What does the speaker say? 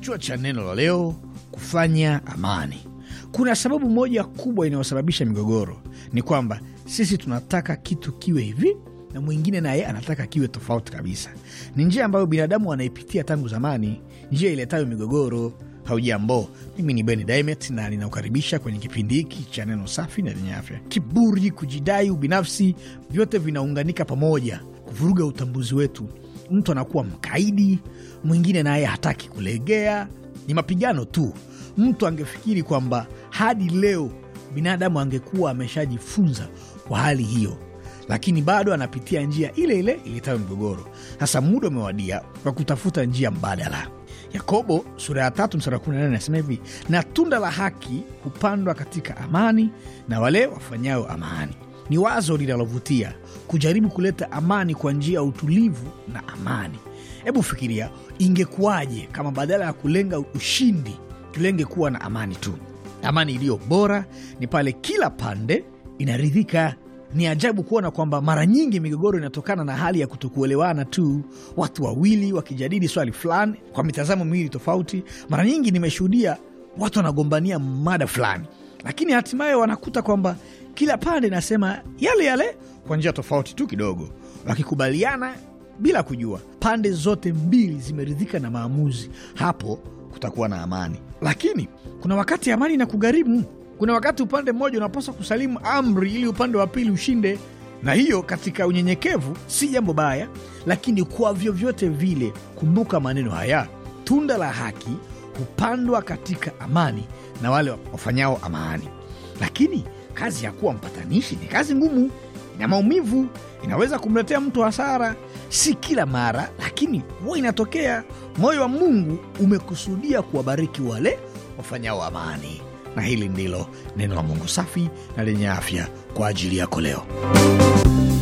Kichwa cha neno la leo: kufanya amani. Kuna sababu moja kubwa inayosababisha migogoro, ni kwamba sisi tunataka kitu kiwe hivi na mwingine naye anataka kiwe tofauti kabisa. Ni njia ambayo binadamu anaipitia tangu zamani, njia iletayo migogoro. Haujambo, mimi ni Ben Dimet na ninakukaribisha kwenye kipindi hiki cha neno safi na lenye afya. Kiburi, kujidai, ubinafsi, vyote vinaunganika pamoja kuvuruga utambuzi wetu mtu anakuwa mkaidi, mwingine naye hataki kulegea. Ni mapigano tu. Mtu angefikiri kwamba hadi leo binadamu angekuwa ameshajifunza kwa hali hiyo, lakini bado anapitia njia ile ile iletayo mgogoro. Sasa muda umewadia wa kutafuta njia mbadala. Yakobo sura ya tatu mstari wa kumi na nane anasema hivi, na tunda la haki hupandwa katika amani na wale wafanyao amani. Ni wazo linalovutia kujaribu kuleta amani kwa njia ya utulivu na amani. Hebu fikiria ingekuwaje kama badala ya kulenga ushindi tulenge kuwa na amani tu. Amani iliyo bora ni pale kila pande inaridhika. Ni ajabu kuona kwamba mara nyingi migogoro inatokana na hali ya kutokuelewana tu, watu wawili wakijadili swali fulani kwa mitazamo miwili tofauti. Mara nyingi nimeshuhudia watu wanagombania mada fulani, lakini hatimaye wanakuta kwamba kila pande inasema yale yale kwa njia tofauti tu kidogo, wakikubaliana bila kujua. Pande zote mbili zimeridhika na maamuzi, hapo kutakuwa na amani. Lakini kuna wakati amani na kugharimu. Kuna wakati upande mmoja unapaswa kusalimu amri ili upande wa pili ushinde, na hiyo katika unyenyekevu si jambo baya, lakini kwa vyovyote vile kumbuka maneno haya, tunda la haki hupandwa katika amani na wale wafanyao amani. Lakini kazi ya kuwa mpatanishi ni kazi ngumu, ina maumivu, inaweza kumletea mtu hasara. Si kila mara, lakini huwa inatokea. Moyo wa Mungu umekusudia kuwabariki wale wafanyao amani, na hili ndilo neno la Mungu safi na lenye afya kwa ajili yako leo.